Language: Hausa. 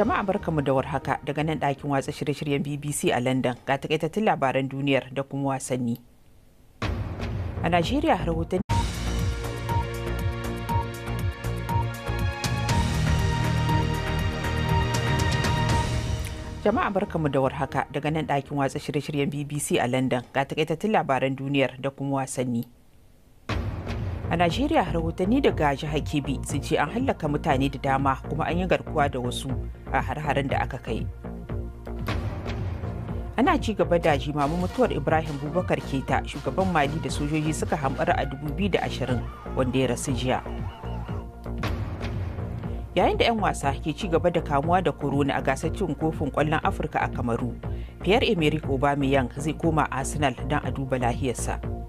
Jama'a barkamu da warhaka daga nan ɗakin watsa shirye-shiryen BBC a London ga takaitattun labaran duniyar da kuma wasanni. A Najeriya rahoton Jama'a barkamu da warhaka daga nan ɗakin watsa shirye-shiryen BBC a London ga takaitattun labaran duniyar da kuma wasanni. a najeriya rahotanni daga jihar kebbi sun ce an hallaka mutane da dama kuma an yi garkuwa da wasu a har-haren da aka kai ana ci gaba da jimamin mutuwar ibrahim bubakar keta shugaban mali da sojoji suka hambara a 2020 wanda ya rasu jiya yayin da 'yan wasa ke ci gaba da kamuwa da korona a gasar cin kofin kwallon afirka a kamaru pierre emerick aubameyang zai koma arsenal don a duba lahiyarsa